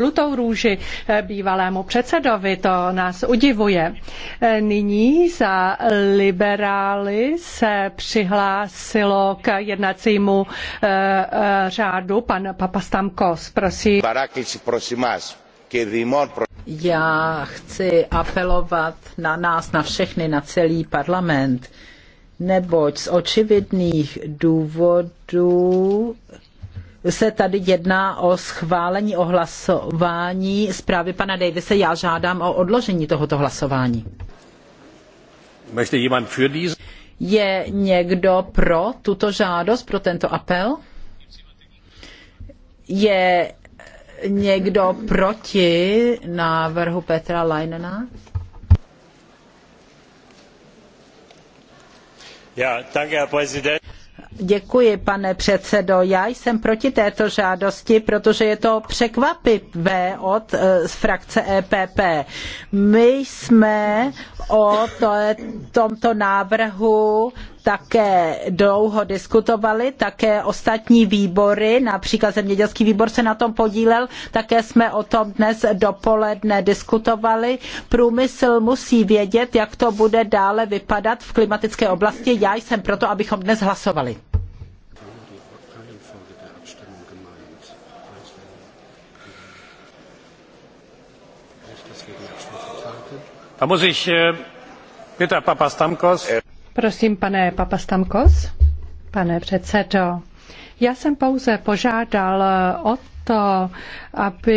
žlutou růži eh, bývalému předsedovi, to nás udivuje. Eh, nyní za liberály se přihlásilo k jednacímu eh, řádu pan Papastamkos, prosím. Já chci apelovat na nás, na všechny, na celý parlament, neboť z očividných důvodů se tady jedná o schválení, o hlasování zprávy pana Davise. Já žádám o odložení tohoto hlasování. Je někdo pro tuto žádost, pro tento apel? Je někdo proti návrhu Petra Leinena? Ja, danke, Herr Präsident. Děkuji, pane předsedo. Já jsem proti této žádosti, protože je to překvapivé od eh, frakce EPP. My jsme o tomto návrhu také dlouho diskutovali, také ostatní výbory, například zemědělský výbor se na tom podílel, také jsme o tom dnes dopoledne diskutovali. Průmysl musí vědět, jak to bude dále vypadat v klimatické oblasti. Já jsem proto, abychom dnes hlasovali. Da muss ich äh, Peter Papastamkos Prosím, pane Papastamkos, pane předsedo. Já jsem pouze požádal o to, aby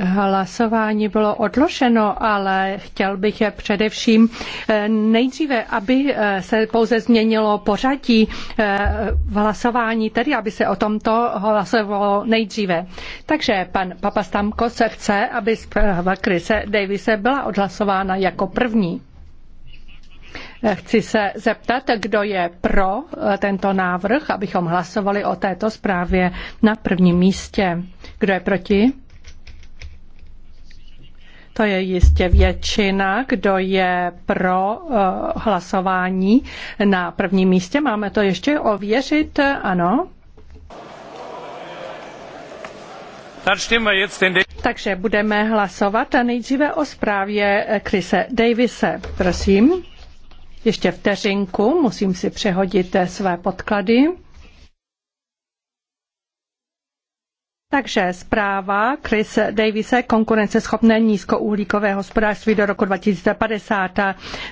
hlasování bylo odloženo, ale chtěl bych je především eh, nejdříve, aby eh, se pouze změnilo pořadí eh, v hlasování, tedy aby se o tomto hlasovalo nejdříve. Takže pan Papastamko se chce, aby zpráva Krise Davise byla odhlasována jako první. Chci se zeptat, kdo je pro eh, tento návrh, abychom hlasovali o této zprávě na prvním místě. Kdo je proti? To je jistě většina, kdo je pro eh, hlasování na prvním místě. Máme to ještě ověřit, ano? Takže budeme hlasovat a nejdříve o zprávě eh, Krise Davise. Prosím. Ještě vteřinku, musím si přehodit eh, své podklady. Takže zpráva Chris Davise, konkurenceschopné nízkouhlíkové hospodářství do roku 2050.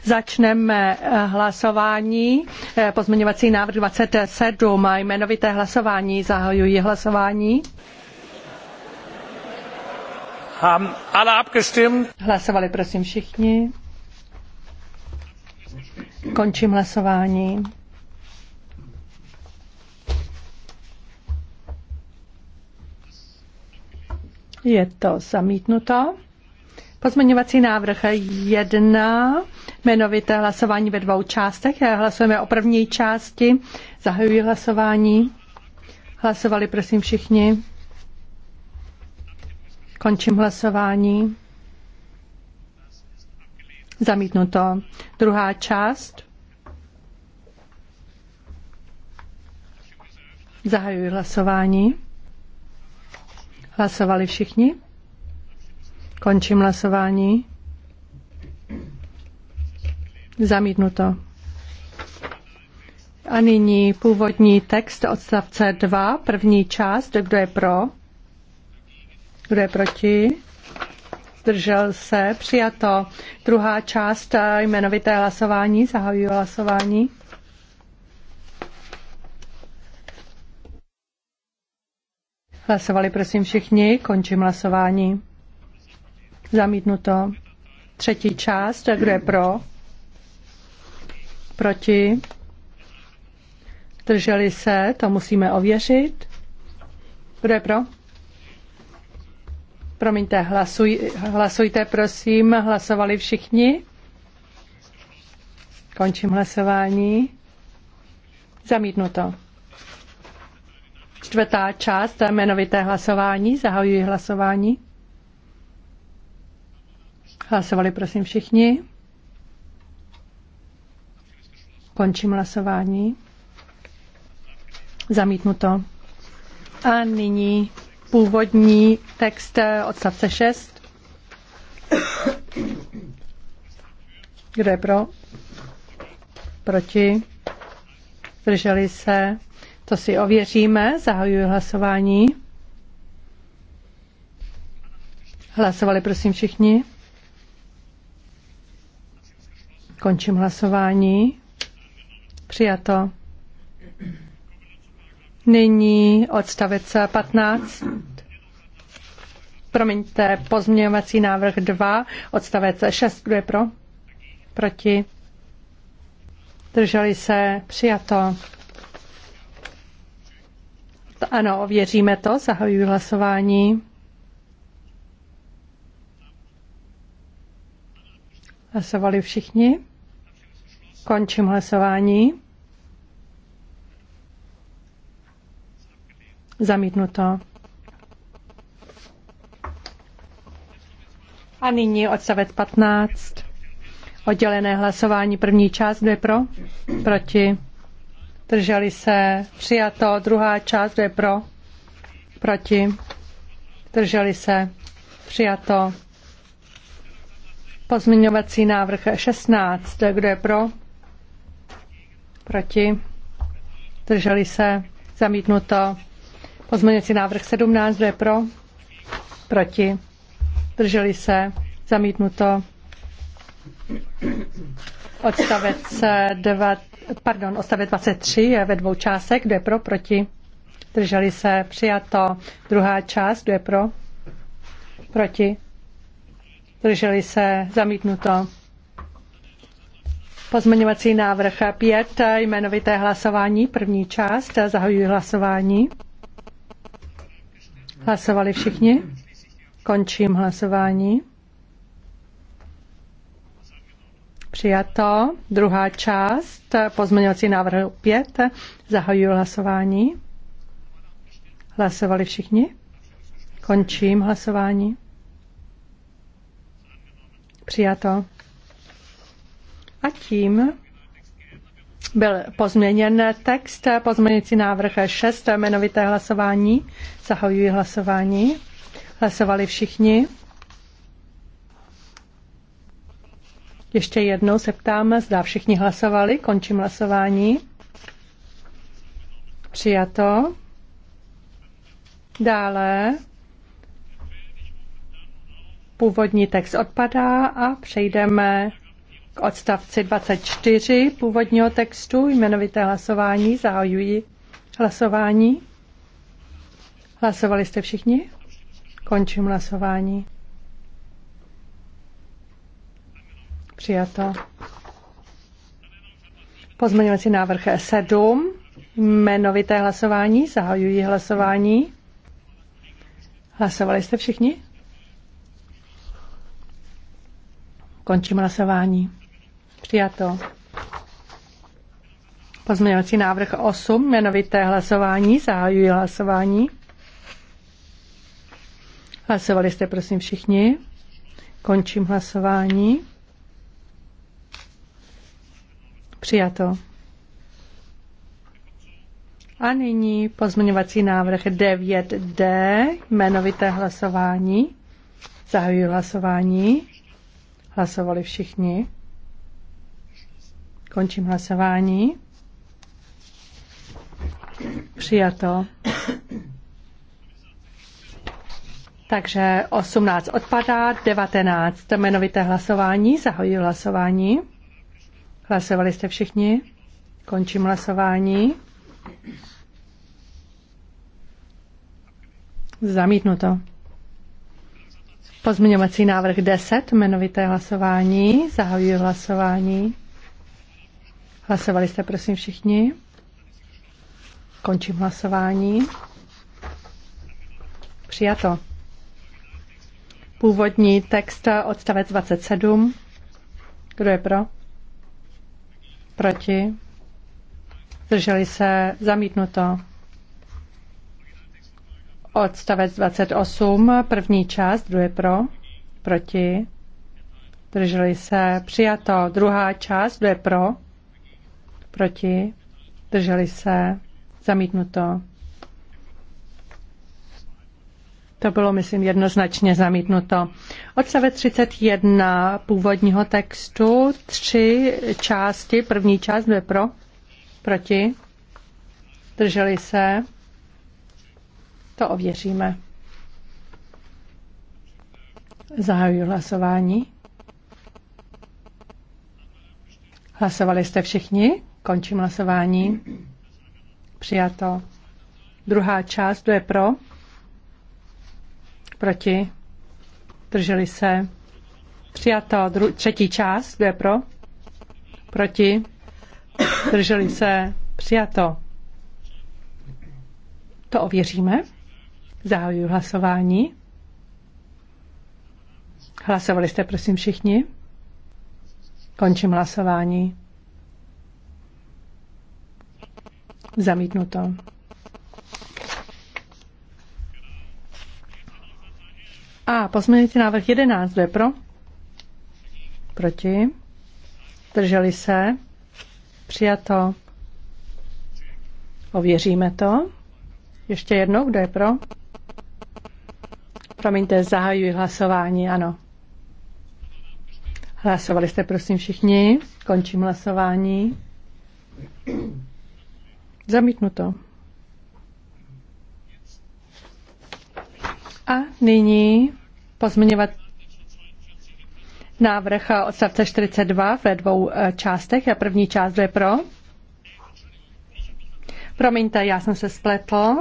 Začneme eh, hlasování, eh, pozměňovací návrh 27, jmenovité hlasování, zahajuji hlasování. Hlasovali prosím všichni. Končím hlasování. Je to zamítnuto. Pozměňovací návrh jedna. jmenovité hlasování ve dvou částech. Hlasujeme o první části. Zahajuji hlasování. Hlasovali prosím všichni. Končím hlasování. Zamítnuto. Druhá část. Zahajuji hlasování. Hlasovali všichni? Končím hlasování. Zamítnuto. A nyní původní text odstavce 2, první část. Kdo je pro? Kdo je proti? zdržel se, přijato. Druhá část eh, jmenovité hlasování, zahajuji hlasování. Hlasovali prosím všichni, končím hlasování. Zamítnuto. Třetí část, kdo je pro? Proti? Drželi se, to musíme ověřit. Kdo je pro? Promiňte, hlasuj, hlasujte prosím. Hlasovali všichni? Končím hlasování. Zamítnuto. Čtvrtá část jmenovité hlasování. Zahajuji hlasování. Hlasovali prosím všichni. Končím hlasování. Zamítnuto. A nyní původní text eh, odstavce 6. Kdo je pro? Proti? Drželi se? To si ověříme. Zahajuji hlasování. Hlasovali prosím všichni. Končím hlasování. Přijato. Nyní odstavec 15. Promiňte, pozměňovací návrh 2, odstavec 6. Kdo je pro? Proti? Drželi se? Přijato. Ano, věříme to. Zahajuji hlasování. Hlasovali všichni. Končím hlasování. Zamítnuto. A nyní odstavec 15. Oddělené hlasování první část, kdo je pro? Proti. Drželi se. Přijato. Druhá část, kdo je pro? Proti. Drželi se. Přijato. Pozměňovací návrh 16. Kdo je pro? Proti? Drželi se? Zamítnuto. Pozměňovací návrh 17, kdo je pro? Proti? Drželi se? Zamítnuto. Odstavec, 9, pardon, odstavec 23 je ve dvou částech. Kdo je pro? Proti? Drželi se? Přijato. Druhá část. Kdo je pro? Proti? Drželi se? Zamítnuto. Pozměňovací návrh 5, jmenovité hlasování, první část, zahajuji hlasování. Hlasovali všichni? Končím hlasování. Přijato. Druhá část pozměňovací návrh 5. Zahajuji hlasování. Hlasovali všichni? Končím hlasování. Přijato. A tím byl pozměněn text, pozměňující návrh 6, jmenovité hlasování. Zahajuji hlasování. Hlasovali všichni. Ještě jednou se ptám, zda všichni hlasovali. Končím hlasování. Přijato. Dále. Původní text odpadá a přejdeme k odstavci 24 původního textu jmenovité hlasování. Zahajuji hlasování. Hlasovali jste všichni? Končím hlasování. Přijato. Pozměňovací návrh 7. Jmenovité hlasování. Zahajuji hlasování. Hlasovali jste všichni? Končím hlasování. Přijato. Pozměňovací návrh 8, jmenovité hlasování, zahajuji hlasování. Hlasovali jste, prosím, všichni. Končím hlasování. Přijato. A nyní pozměňovací návrh 9D, jmenovité hlasování. Zahajuji hlasování. Hlasovali všichni. Končím hlasování. Přijato. Takže 18 odpadá, 19 jmenovité hlasování, zahojí hlasování. Hlasovali jste všichni? Končím hlasování. Zamítnuto. Pozměňovací návrh 10, jmenovité hlasování, zahajuji hlasování. Hlasovali jste prosím všichni? Končím hlasování. Přijato. Původní text odstavec 27. Kdo je pro? Proti? Zdrželi se? Zamítnuto. Odstavec 28, první část, kdo je pro? Proti? Drželi se? Přijato. Druhá část, kdo je pro? proti, drželi se, zamítnuto. To bylo, myslím, jednoznačně zamítnuto. Odstavec 31 původního textu, tři části. První část byl pro, proti, drželi se. To ověříme. Zahajuji hlasování. Hlasovali jste všichni? Končím hlasování. Přijato. Druhá část, kdo je pro? Proti? Drželi se? Přijato. Dru- třetí část, kdo je pro? Proti? Drželi se? Přijato. To ověříme. Zahajuji hlasování. Hlasovali jste, prosím, všichni? Končím hlasování. Zamítnuto. A pozměňující návrh 11, kdo je pro? Proti? Drželi se? Přijato. Ověříme to. Ještě jednou, kdo je pro? Promiňte, zahajuji hlasování, ano. Hlasovali jste, prosím, všichni. Končím hlasování. Zamítnuto. A nyní pozměňovat návrh odstavce 42 ve dvou eh, částech. A první část je pro. Promiňte, já jsem se spletl.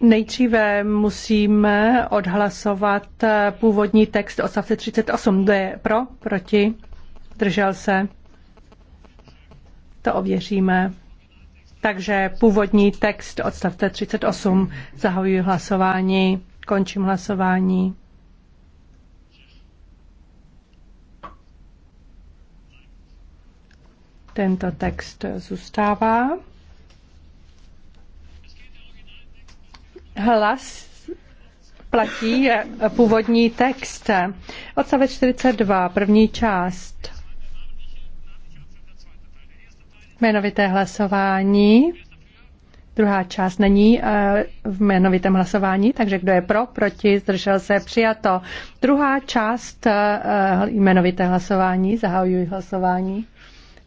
Nejdříve musíme odhlasovat eh, původní text odstavce 38. Kdo je pro, proti, držel se, to ověříme. Takže původní text odstavce 38. Zahajuji hlasování. Končím hlasování. Tento text zůstává. Hlas platí původní text. Odstavec 42, první část. Jmenovité hlasování. Druhá část není eh, v jmenovitém hlasování, takže kdo je pro, proti, zdržel se, přijato. Druhá část eh, jmenovité hlasování, zahajuji hlasování.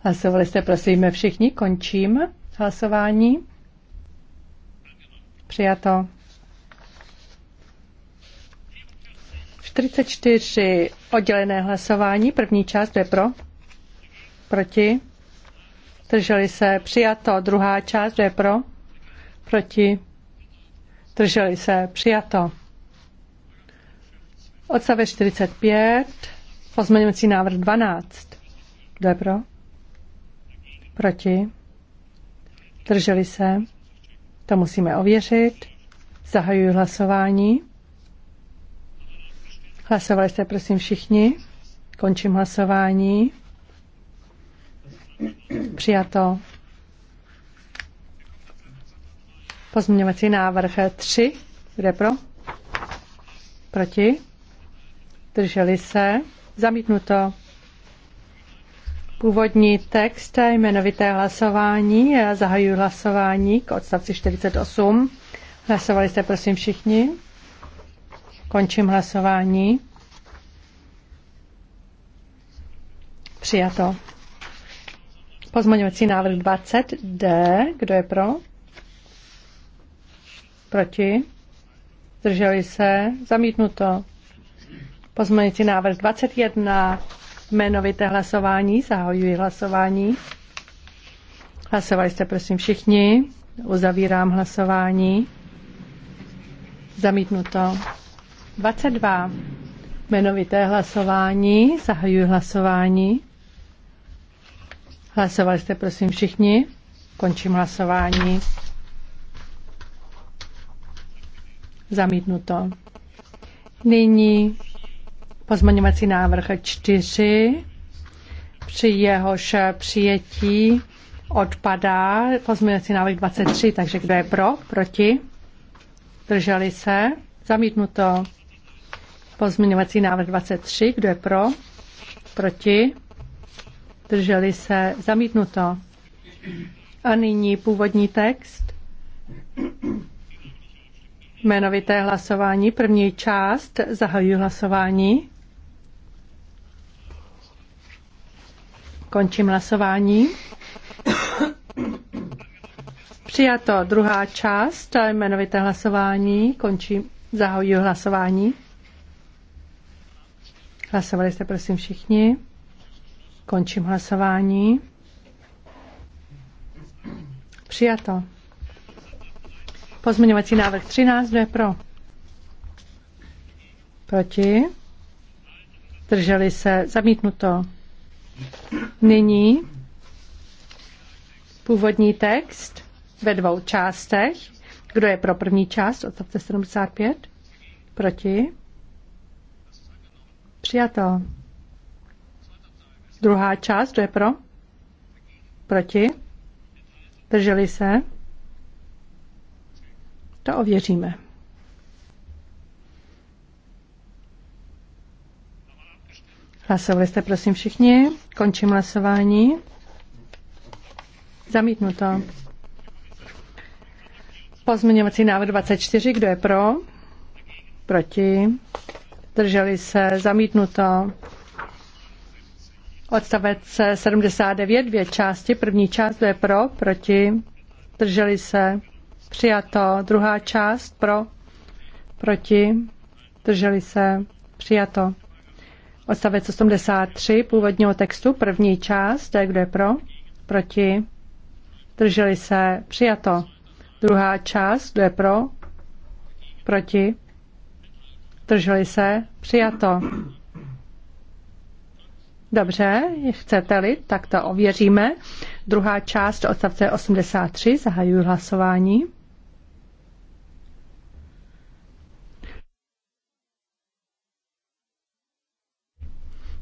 Hlasovali jste, prosím, všichni, končím hlasování. Přijato. 44 oddělené hlasování, první část, kdo je pro, proti, Drželi se přijato. Druhá část, kdo je pro? Proti? Drželi se přijato. Odstavec 45, pozměňovací návrh 12. Kdo je pro? Proti? Drželi se? To musíme ověřit. Zahajuji hlasování. Hlasovali jste prosím všichni. Končím hlasování. Přijato. Pozměňovací návrh 3. Kde pro? Proti? Drželi se? Zamítnuto. Původní text jmenovité hlasování. Já zahajuji hlasování k odstavci 48. Hlasovali jste prosím všichni. Končím hlasování. Přijato. Pozměňovací návrh 20D. Kdo je pro? Proti? Zdrželi se? Zamítnuto. Pozměňovací návrh 21. Jmenovité hlasování. Zahajuji hlasování. Hlasovali jste prosím všichni. Uzavírám hlasování. Zamítnuto. 22. Jmenovité hlasování. Zahajuji hlasování. Hlasovali jste prosím všichni. Končím hlasování. Zamítnuto. Nyní pozmaňovací návrh 4. Při jehož přijetí odpadá pozměňovací návrh 23, takže kdo je pro, proti, drželi se, zamítnuto pozměňovací návrh 23, kdo je pro, proti, Drželi se? Zamítnuto. A nyní původní text. Jmenovité hlasování, první část, zahajuji hlasování. Končím hlasování. Přijato druhá část, jmenovité hlasování, končím, zahajuji hlasování. Hlasovali jste prosím všichni. Končím hlasování. Přijato. Pozměňovací návrh 13, kdo je pro? Proti? Drželi se? Zamítnuto. Nyní původní text ve dvou částech. Kdo je pro první část? Odstavte 75. Proti? Přijato. Druhá část, kdo je pro? Proti? Drželi se? To ověříme. Hlasovali jste, prosím, všichni. Končím hlasování. Zamítnuto. Pozměňovací návrh 24. Kdo je pro? Proti? Drželi se? Zamítnuto. Odstavec 79, dvě části. První část, je pro, proti, drželi se, přijato. Druhá část, pro, proti, drželi se, přijato. Odstavec 83 původního textu, první část, kdo je pro, proti, drželi se, přijato. Druhá část, kdo je pro, proti, drželi se, přijato. Dobře, chcete-li, tak to ověříme. Druhá část odstavce 83, zahajuji hlasování.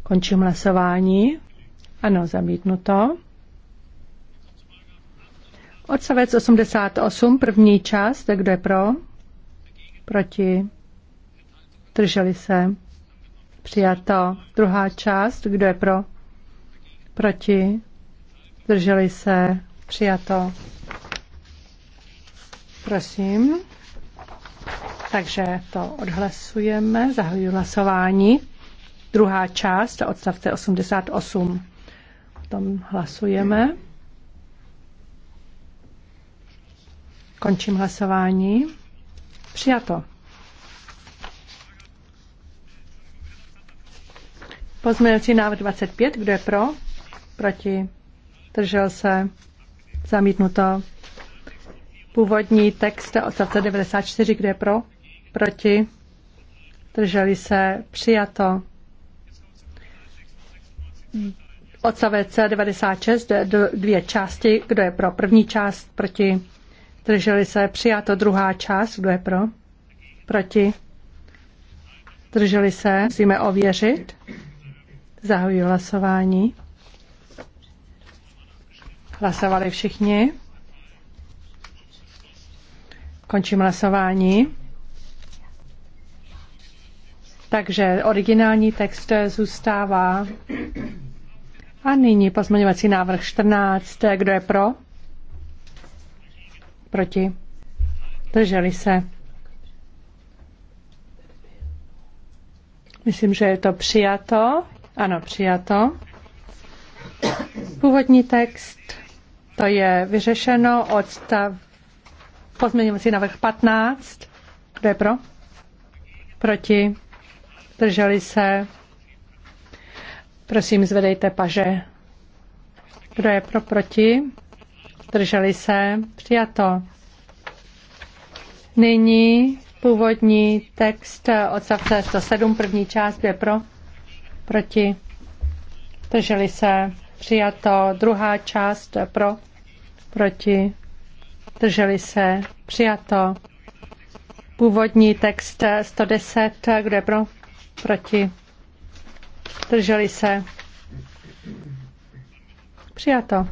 Končím hlasování. Ano, zamítnuto. Odstavec 88, první část, kdo je pro? Proti? Drželi se. Přijato. Druhá část. Kdo je pro? Proti? Drželi se? Přijato. Prosím. Takže to odhlasujeme. Zahajuji hlasování. Druhá část odstavce 88. O tom hlasujeme. Končím hlasování. Přijato. Pozměňovací návrh 25, kdo je pro? Proti? Držel se? Zamítnuto. Původní text odstavce 94, kdo je pro? Proti? Drželi se? Přijato. Odstavec 96, dvě části, kdo je pro? První část proti? Drželi se? Přijato. Druhá část, kdo je pro? Proti? Drželi se? Musíme ověřit. Zahajuji hlasování. Hlasovali všichni. Končím hlasování. Takže originální text zůstává. A nyní pozměňovací návrh 14. Kdo je pro? Proti? Drželi se. Myslím, že je to přijato. Ano, přijato. Původní text, to je vyřešeno od ta pozměňovací návrh 15. Kdo je pro? Proti? Drželi se? Prosím, zvedejte paže. Kdo je pro? Proti? Drželi se? Přijato. Nyní původní text odstavce 107, první část, kdo je pro? proti, drželi se, přijato. Druhá část pro, proti, drželi se, přijato. Původní text 110, kde pro, proti, drželi se, přijato.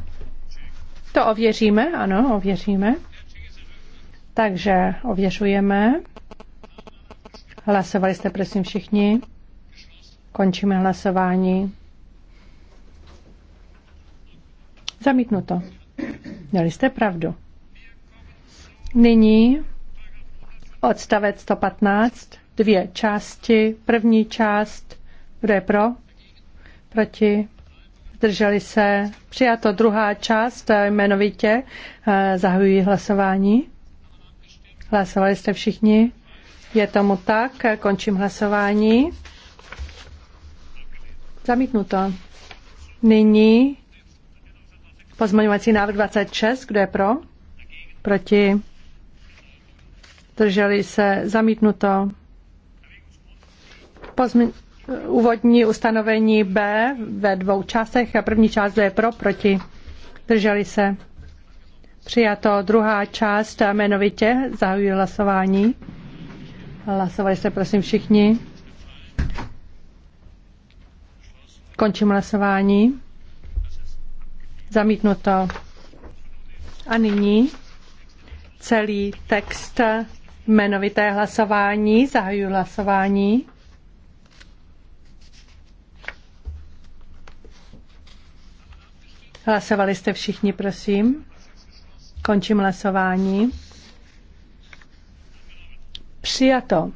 To ověříme, ano, ověříme. Takže ověřujeme. Hlasovali jste prosím všichni. Končíme hlasování. Zamítnuto. Měli jste pravdu. Nyní odstavec 115, dvě části. První část, kdo je pro? Proti? Zdrželi se? Přijato druhá část, eh, jmenovitě. Eh, zahajuji hlasování. Hlasovali jste všichni? Je tomu tak, končím hlasování. Zamítnuto. Nyní pozměňovací návrh 26. Kdo je pro? Proti? Drželi se? Zamítnuto. Pozmi- úvodní ustanovení B ve dvou částech. A první část, kdo je pro? Proti? Drželi se? Přijato. Druhá část jmenovitě. Zahajuji hlasování. Hlasovali se, prosím všichni. Končím hlasování. Zamítnuto. A nyní celý text jmenovité hlasování. Zahajuji hlasování. Hlasovali jste všichni, prosím. Končím hlasování. Přijato.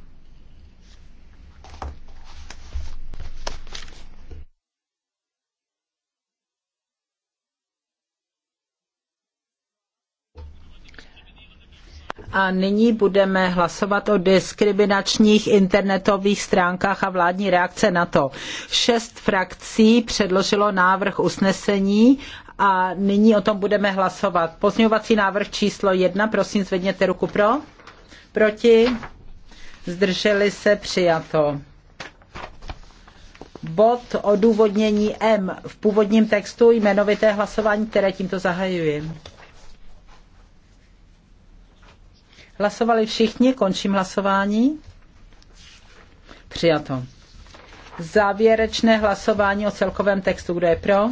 a nyní budeme hlasovat o diskriminačních internetových stránkách a vládní reakce na to. Šest frakcí předložilo návrh usnesení a nyní o tom budeme hlasovat. Pozměňovací návrh číslo jedna, prosím zvedněte ruku pro. Proti? Zdrželi se přijato. Bod odůvodnění M v původním textu jmenovité hlasování, které tímto zahajuji. Hlasovali všichni, končím hlasování. Přijato. Závěrečné hlasování o celkovém textu. Kdo je pro?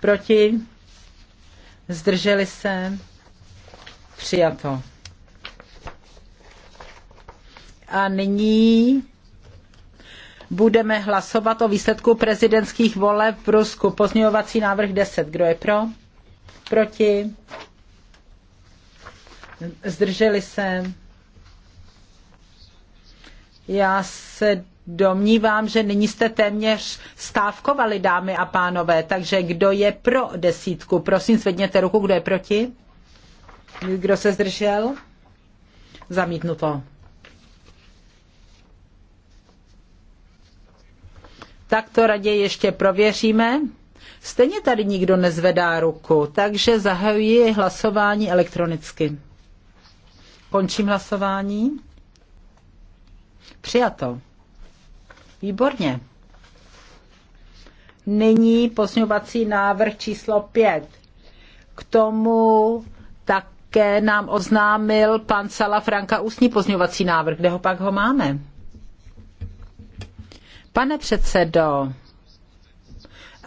Proti? Zdrželi se? Přijato. A nyní budeme hlasovat o výsledku prezidentských voleb v Rusku. Pozměňovací návrh 10. Kdo je pro? Proti? zdrželi se. Já se domnívám, že nyní jste téměř stávkovali, dámy a pánové, takže kdo je pro desítku? Prosím, zvedněte ruku, kdo je proti? Kdo se zdržel? Zamítnuto. Tak to raději ještě prověříme. Stejně tady nikdo nezvedá ruku, takže zahajuji hlasování elektronicky. Končím hlasování. Přijato. Výborně. Nyní posňovací návrh číslo 5. K tomu také nám oznámil pan Sala Franka ústní pozňovací návrh. Kde ho pak ho máme? Pane předsedo,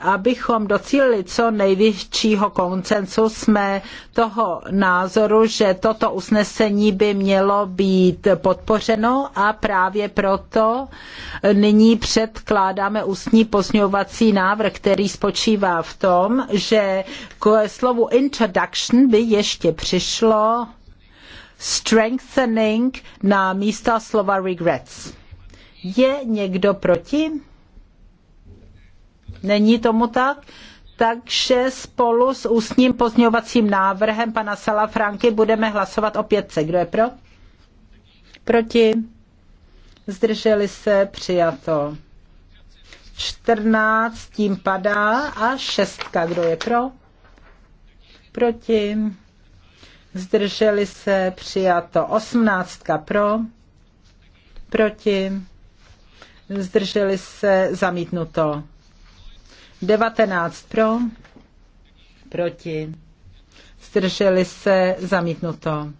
Abychom docílili co největšího koncensu, jsme toho názoru, že toto usnesení by mělo být podpořeno a právě proto nyní předkládáme ústní posňovací návrh, který spočívá v tom, že k slovu introduction by ještě přišlo strengthening na místa slova regrets. Je někdo proti? Není tomu tak? Takže spolu s ústním pozměňovacím návrhem pana Sala Franky budeme hlasovat o pětce. Kdo je pro? Proti? Zdrželi se? Přijato. 14 tím padá a šestka. Kdo je pro? Proti? Zdrželi se? Přijato. osmnáctka pro? Proti? Zdrželi se? Zamítnuto. 19 pro, proti, zdrželi se, zamítnuto.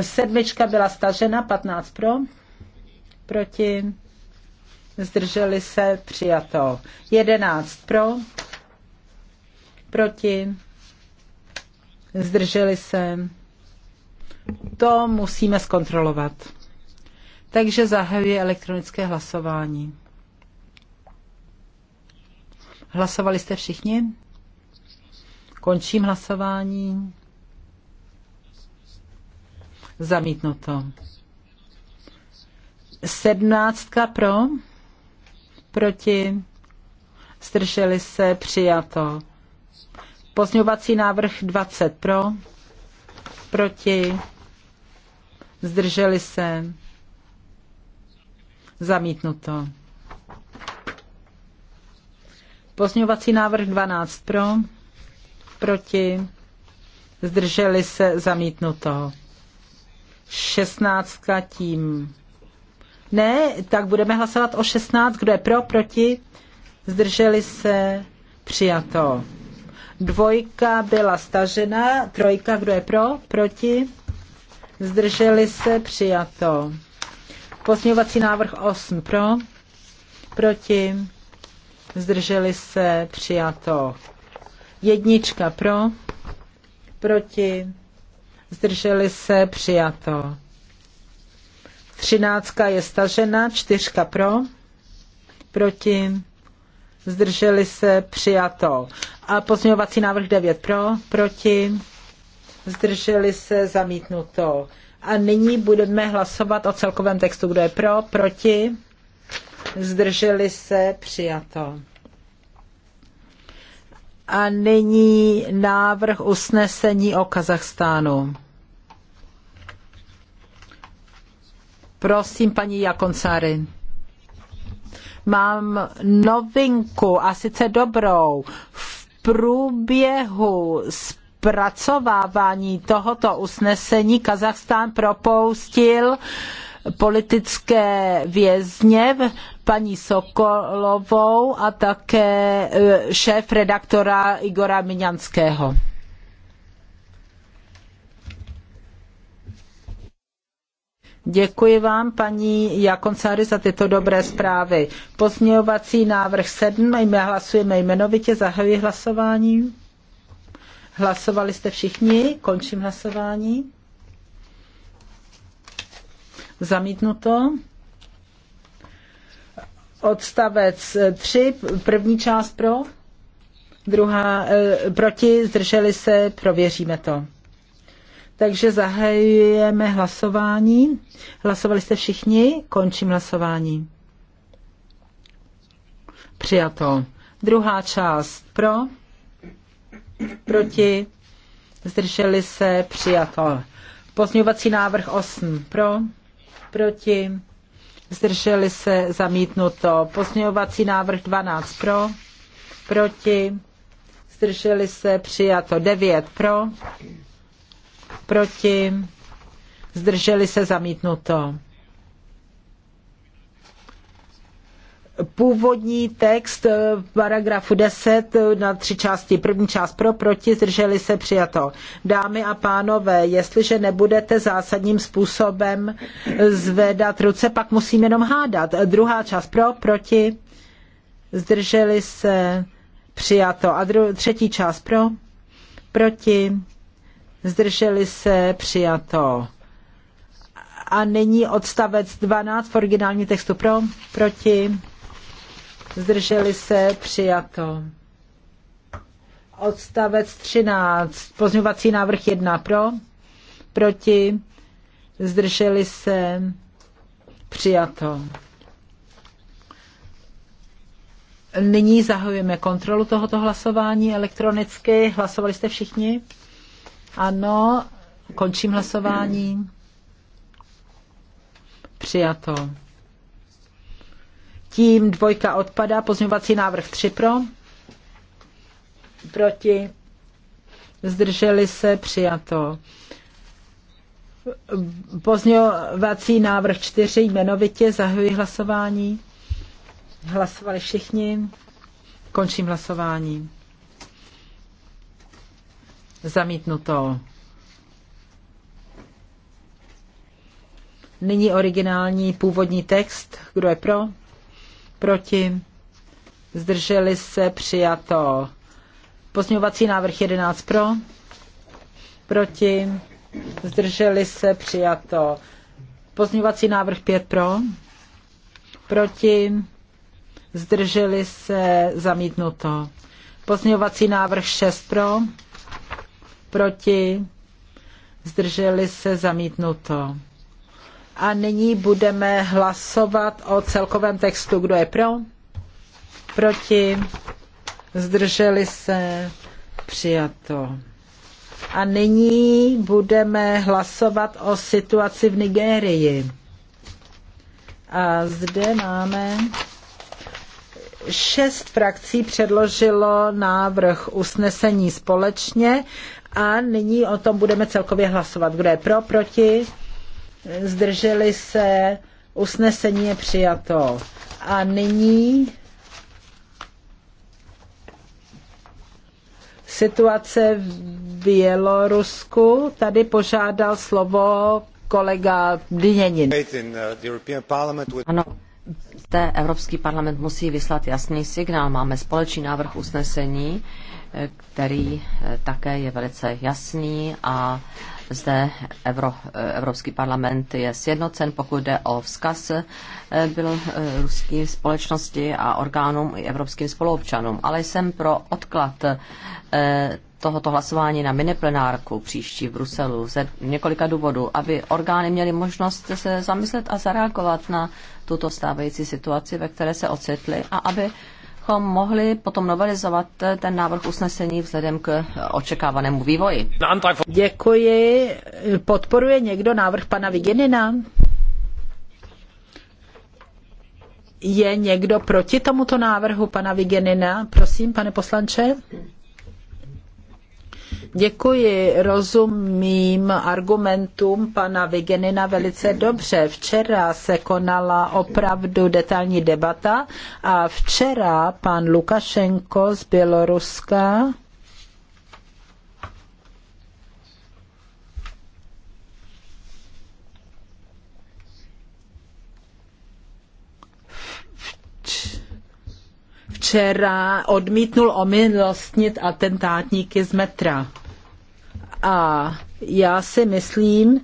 Sedmička byla stažena, 15 pro, proti, zdrželi se, přijato. 11 pro, proti, zdrželi se. To musíme zkontrolovat. Takže zahajuji elektronické hlasování. Hlasovali jste všichni? Končím hlasování. Zamítnuto. Sedmnáctka pro, proti, zdrželi se, přijato. Pozňovací návrh 20 pro, proti, zdrželi se, zamítnuto. Pozňovací návrh 12 pro, proti, zdrželi se zamítnuto. 16 tím. Ne, tak budeme hlasovat o 16. Kdo je pro, proti, zdrželi se přijato. Dvojka byla stažena, trojka, kdo je pro, proti, zdrželi se přijato. Pozměňovací návrh 8 pro, proti, zdrželi se, přijato. Jednička pro, proti, zdrželi se, přijato. Třináctka je stažena, čtyřka pro, proti, zdrželi se, přijato. A pozměňovací návrh 9 pro, proti, zdrželi se, zamítnuto. A nyní budeme hlasovat o celkovém textu, kdo je pro, proti, zdrželi se, přijato. A nyní návrh usnesení o Kazachstánu. Prosím, paní Jakoncary. Mám novinku, a sice dobrou. V průběhu zpracovávání tohoto usnesení Kazachstán propoustil politické vězně paní Sokolovou a také e, šéf redaktora Igora Miňanského. Děkuji vám, paní Jakoncáry, za tyto dobré zprávy. Pozměňovací návrh 7, my hlasujeme jmenovitě, zahajuji hlasování. Hlasovali jste všichni, končím hlasování. Zamítnuto odstavec 3, eh, první část pro, druhá eh, proti, zdrželi se, prověříme to. Takže zahajujeme hlasování. Hlasovali jste všichni, končím hlasování. Přijato. Druhá část pro, proti, zdrželi se, přijato. Pozměňovací návrh 8 pro, proti, zdrželi se zamítnuto. Pozměňovací návrh 12 pro, proti, zdrželi se přijato 9 pro, proti, zdrželi se zamítnuto. původní text eh, paragrafu 10 eh, na tři části. První část pro, proti, zdrželi se přijato. Dámy a pánové, jestliže nebudete zásadním způsobem eh, zvedat ruce, pak musím jenom hádat. Druhá část pro, proti, zdrželi se přijato. A dru- třetí část pro, proti, zdrželi se přijato. A nyní odstavec 12 v originálním textu pro, proti zdrželi se, přijato. Odstavec 13, pozměňovací návrh 1 pro, proti, zdrželi se, přijato. Nyní zahajujeme kontrolu tohoto hlasování elektronicky. Hlasovali jste všichni? Ano, končím hlasování. Přijato tím dvojka odpadá, pozměňovací návrh 3 pro, proti, zdrželi se, přijato. Pozměňovací návrh 4 jmenovitě, zahajuji hlasování. Hlasovali všichni, končím hlasování. Zamítnuto. Nyní originální původní text. Kdo je pro? proti, zdrželi se, přijato. Pozměňovací návrh 11 pro, proti, zdrželi se, přijato. Pozměňovací návrh 5 pro, proti, zdrželi se, zamítnuto. Pozměňovací návrh 6 pro, proti, zdrželi se, zamítnuto a nyní budeme hlasovat o celkovém textu. Kdo je pro? Proti? Zdrželi se? Přijato. A nyní budeme hlasovat o situaci v Nigérii. A zde máme šest frakcí předložilo návrh usnesení společně a nyní o tom budeme celkově hlasovat. Kdo je pro, proti? zdrželi se, usnesení je přijato. A nyní situace v Bělorusku. Tady požádal slovo kolega Dyněnin. Ano, té Evropský parlament musí vyslat jasný signál. Máme společný návrh usnesení, který eh, také je velice jasný a zde Evro, Evropský parlament je sjednocen, pokud jde o vzkaz eh, byl eh, ruský společnosti a orgánům i evropským spoluobčanům. Ale jsem pro odklad eh, tohoto hlasování na miniplenárku příští v Bruselu ze několika důvodů, aby orgány měly možnost se zamyslet a zareagovat na tuto stávající situaci, ve které se ocitly a aby bychom mohli potom novelizovat ten návrh usnesení vzhledem k očekávanému vývoji. Děkuji. Podporuje někdo návrh pana Vigenina? Je někdo proti tomuto návrhu pana Vigenina? Prosím, pane poslanče. Děkuji, rozumím argumentům pana Vigenina velice dobře. Včera se konala opravdu detailní debata a včera pan Lukašenko z Běloruska včera odmítnul omilostnit atentátníky z metra. A já si myslím,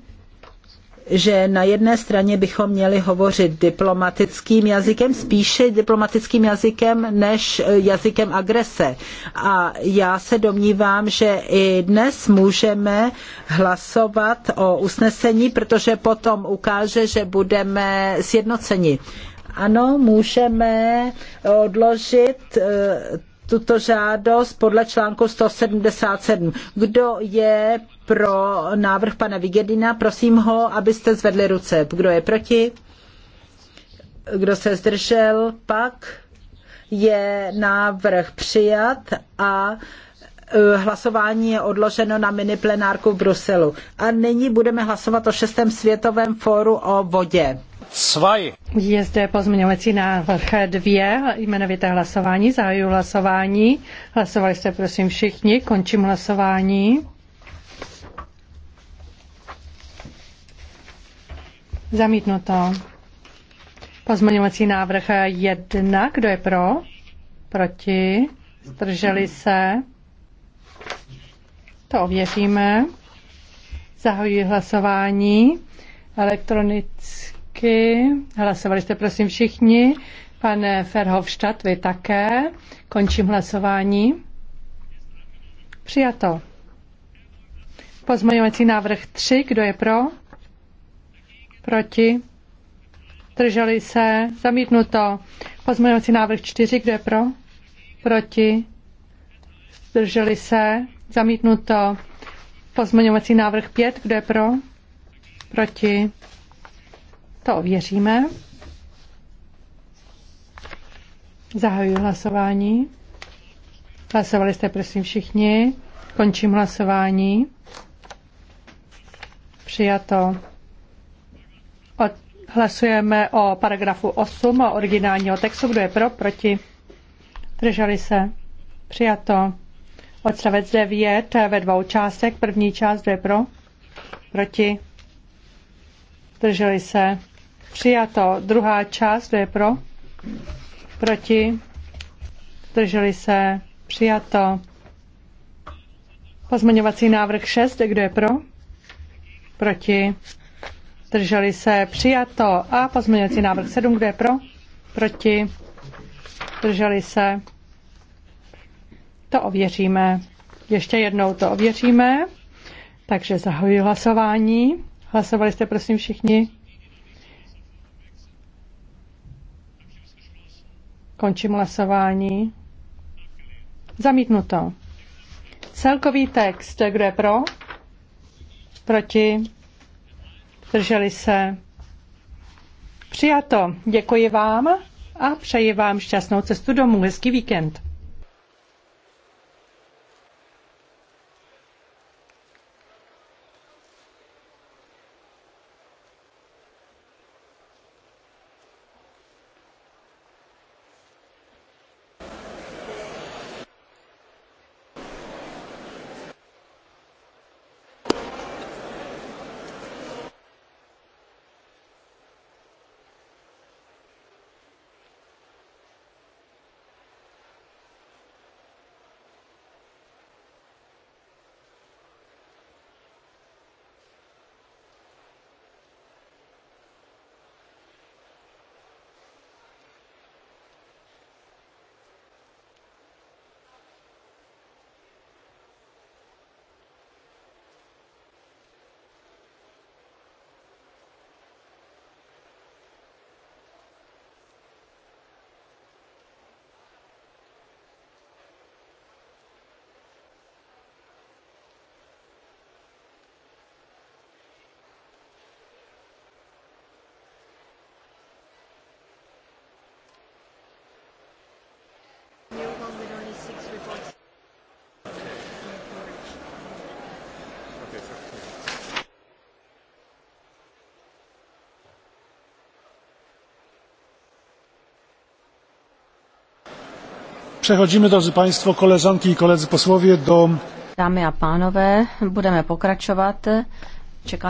že na jedné straně bychom měli hovořit diplomatickým jazykem, spíše diplomatickým jazykem než jazykem agrese. A já se domnívám, že i dnes můžeme hlasovat o usnesení, protože potom ukáže, že budeme sjednoceni. Ano, můžeme odložit eh, tuto žádost podle článku 177. Kdo je pro návrh pana Vigedina? Prosím ho, abyste zvedli ruce. Kdo je proti? Kdo se zdržel? Pak je návrh přijat a eh, hlasování je odloženo na mini plenárku v Bruselu. A nyní budeme hlasovat o šestém světovém fóru o vodě. Je zde pozměňovací návrh 2, jmenovité hlasování, zahajuji hlasování. Hlasovali jste prosím všichni, končím hlasování. Zamítnuto. Pozměňovací návrh jedna. kdo je pro? Proti? Zdrželi se? To ověříme. Zahajuji hlasování elektronicky ruky. Hlasovali jste prosím všichni. Pan Ferhovštat, vy také. Končím hlasování. Přijato. Pozměňovací návrh 3. Kdo je pro? Proti? Drželi se? Zamítnuto. Pozměňovací návrh 4. Kdo je pro? Proti? Zdrželi se? Zamítnuto. Pozměňovací návrh 5. Kdo je pro? Proti? To ověříme. Zahajuji hlasování. Hlasovali jste prosím všichni. Končím hlasování. Přijato. hlasujeme o paragrafu 8 a originálního textu. Kdo je pro, proti? Drželi se. Přijato. Odstavec 9 ve dvou částech. První část, kdo je pro? Proti? Drželi se. Přijato. Druhá část, kdo je pro? Proti? Zdrželi se? Přijato. Pozměňovací návrh 6, kdo je pro? Proti? Zdrželi se? Přijato. A pozměňovací návrh 7, kdo je pro? Proti? Zdrželi se? To ověříme. Ještě jednou to ověříme. Takže zahajuji hlasování. Hlasovali jste prosím všichni? Končím hlasování. Zamítnuto. Celkový text. Kdo je pro? Proti? Drželi se? Přijato. Děkuji vám a přeji vám šťastnou cestu domů. Hezký víkend. Přechodíme, drodzy państwo, koleżanki i koledzy posłowie, do... Dámy a pánové, budeme pokračovat